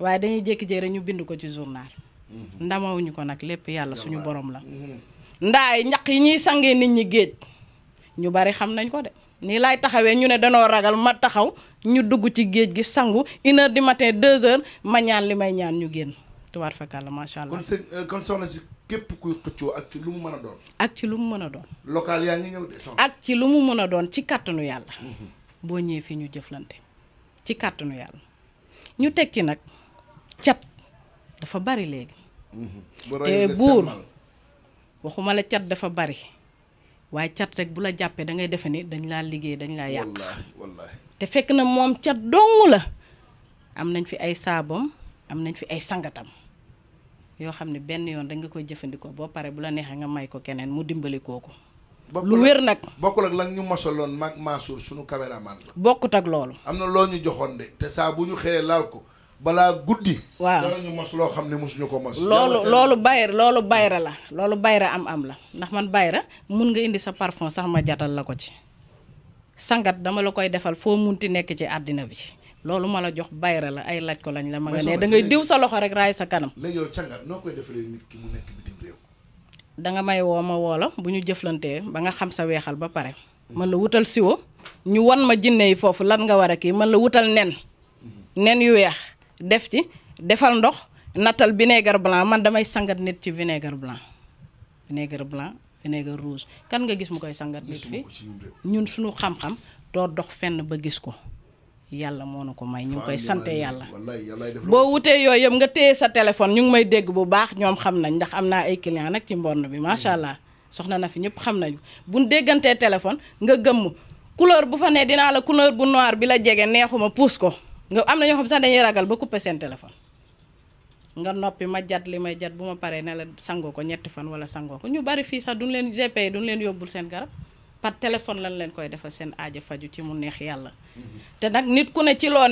waaye dañuy jékki-jékki ñu bind ko ci journal mhm. ndamawuñu ko nag lépp yàlla suñu borom la mhm. ndaay ñaq yi ñuy sangee nit ñi géej ñu bari xam nañ ko de ni laay taxawee ñu ne danoo ragal ma taxaw ñu dugg ci géej gi sangu une heure du matin deux heures ma ñaan li may ñaan ñu génn tubaar fakàlla macha allah. kon seen euh, képp kuy ak ci lu mu mën doon. ak ci lu mu mën a doon. ci lu mu mën a doon ci kàttanu yàlla. Mhm. boo ñëwee fii ñu jëflante ci kàttanu yàlla ñu teg ci nag. cat dafa bari léegi te mm-hmm. eh, buur waxuma la cat dafa bari waaye cat rek bu la jàppee da ngay defe ni dañ laa liggéey dañ laa yàq te fekk na moom cat dong la am nañ fi ay saabam am nañ fi ay sangatam yoo xam ne benn yoon da nga koy jëfandikoo boo pare bu la neexee nga may ko keneen mu dimbali kooku lu wér nag bokkul ak lan ñu mosaloon mag Mansour suñu caméraman bokkut ak loolu am na loo ñu joxoon de te saa ñu xëyee laal ko balaa guddi. waaw dara ñu mas loo xam loolu loolu bayra loolu bayra la loolu bayra am am la ndax man bayra mun nga indi sa parfum sax ma jatal la ko ci sangat dama la koy defal foo mun ti nekk ci àddina bi loolu ma la jox bayra la ay laaj ko lañ la ma nga ne da ngay diw sa loxo rek raay sa kanam. léegi yow càngat noo danga may woo ma woo bu ñu jëflantee ba nga xam sa weexal ba pare. man la wutal siwo ñu wan ma jinne yi foofu lan nga war a kii man la wutal nen mm-hmm. nen yu weex. def ci defal ndox nattal vinaigre blanc man damay sangat nit ci vinaigre blanc vinaigre blanc vinaigre rouge kan nga gis mu koy sangat nit fi ñun suñu xam-xam doo dox fenn ba gis ko yàlla moo nu ko may ñu ngi koy sante yàlla boo wutee yooyu yëpp nga téye sa téléphone ñu ngi may dégg bu baax ñoom xam nañ ndax am naa ay client nag ci mborn bi macha mm. allah soxna na fi ñëpp xam nañu bu déggantee téléphone nga gëmm couleur bu fa nee dinaa la couleur bu noir bi la jege neexuma puus ko nga am na ñoo xam sax dañuy ragal ba couper seen téléphone nga noppi ma jat li may jat bu ma paree ne la sangoo ko ñetti fan wala sangoo ko ñu bari fii sax duñ leen GP duñ leen yóbbul seen garab par téléphone lañ leen koy defal seen aaja faju ci mu neex yàlla. Mm-hmm. te nag nit ku ne ci loo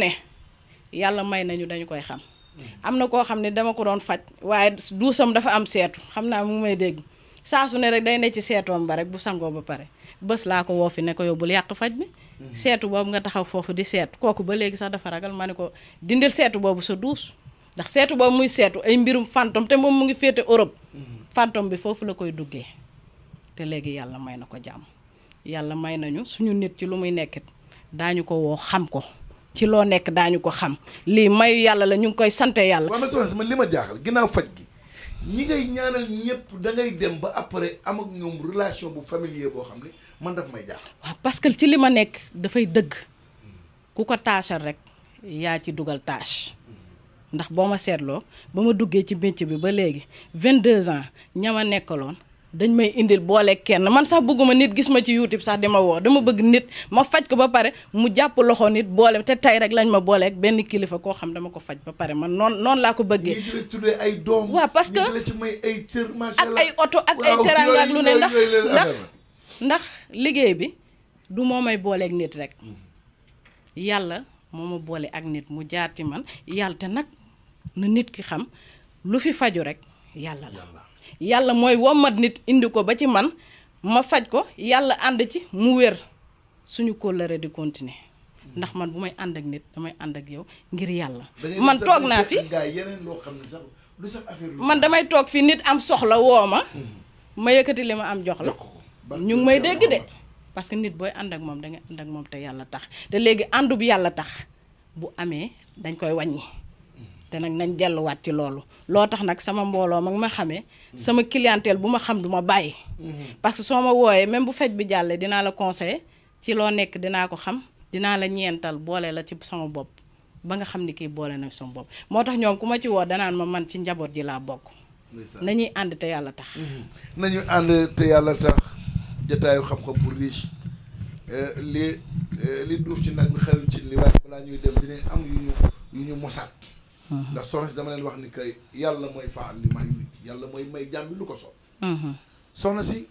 yàlla may nañu dañu koy xam. Mm-hmm. am na koo xam ne dama ko doon faj waaye duusam dafa am seetu xam naa mu may dégg saa su ne rek day ne ci seetoom ba rek bu sangoo ba pare bës laa ko woo fi ne ko yóbbul yàq faj bi. Mhm. seetu boobu nga taxaw foofu di seet kooku ba léegi sax dafa ragal ma ne ko dindil seetu boobu sa duus ndax seetu boobu muy seetu ay mbirum fantôme te moom mu ngi féete Europe mhm. fantôme bi foofu la koy duggee te léegi yàlla may na ko jàmm yàlla may nañu suñu nit ci lu muy nekkit daañu ko xam ko ci loo nekk daañu ko xam lii mayu yàlla la ñu ngi koy sante yàlla waaw mais soxna si man li ma jaaxal ginnaaw faj gi ñi ngay ñaanal ñëpp da ngay dem ba après am ak ñoom relation bu familier boo xam ne man daf waaw parce que ci li ma nekk dafay dëgg ku ko taachal rek yaa ci dugal tâche ndax boo ma seetloo ba ma duggee ci métier bi ba léegi 22 ans ña ma nekkaloon dañ may indil boole kenn man sax bëgguma nit gis ma ci youtube sax di ma woo dama bëgg nit ma faj ko ba pare mu jàpp loxo nit boole te tey rek lañ ma booleek benn kilifa koo xam dama ko faj ba pare man noon noonu laa ko bëggee. ñu tuddee parce que ñu ci ak ay oto ak ay teraanga lu ne ndax ndax. ndax liggéey bi du moo may nit rek yàlla moo boole ak nit mu jaar ci man yàlla nag na nit ki xam lu fi faju rek yàlla la yàlla mooy wommat nit indi ko ba ci man ma faj ko yàlla ànd ci mu wér suñu kóllëre di continuer ndax man bu may ànd ak nit damay ànd ak yow ngir yàlla man toog naa fi man damay toog fi nit am soxla woo ma ma yëkkati li ma am jox la ñu ngi may dégg de parce que nit booy ànd ak moom da nga ànd ak moom te yàlla tax te léegi àndu bu yàlla tax bu amee dañ koy wàññi te nag nañ delluwaat ci loolu loo tax nag sama mbooloo mag ma xamee sama clientèle bu ma xam du ma bàyyi mhm. parce que soo ma wooyee même bu fej bi jàllee dinaa la conseiller ci loo nekk dinaa ko xam dinaa la ñeental boole la ci sama bopp ba nga xam ni kii boole na sama bopp moo tax ñoom ku ma ci woo danaan ma man ci njaboot ji laa bokk nañuy ànd te yàlla tax mhm. jataayu xam-xam bu riche euh, li euh, li duuf ci nag bi xarul ci li waaye balaa ñuy dem dinañ am yu ñu yu ñu mosaat mhm. ndax soxna si dama leen wax ni que yàlla mooy faal li may yàlla mooy may jàmbi lu ko soob mhm. soxna si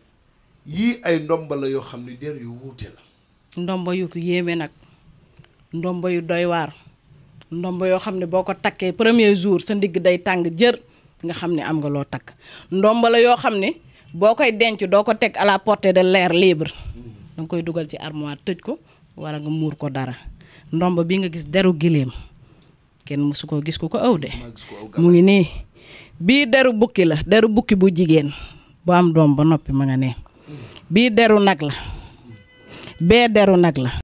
yii ay ndomba la yoo xam ni der yu wuute la ndomba yu yéeme nag ndomba yu doy waar ndomba yoo xam ne boo ko takkee premier jour sa ndigg day tàng jër nga xam ne am nga loo takk ndomba la yoo xam ne boo koy denc doo ko teg à la portée de l'air libre mm-hmm. danga koy dugal ci armoire tëj ko wala nga muur ko dara ndomb bi nga gis deru giléem kenn mosu ko gis ku ko aw de mu ngi nii bii deru bukki la deru bukki bu jigéen bu am doom ba noppi ma nga ne mm-hmm. bii deru nag la bee deru nag la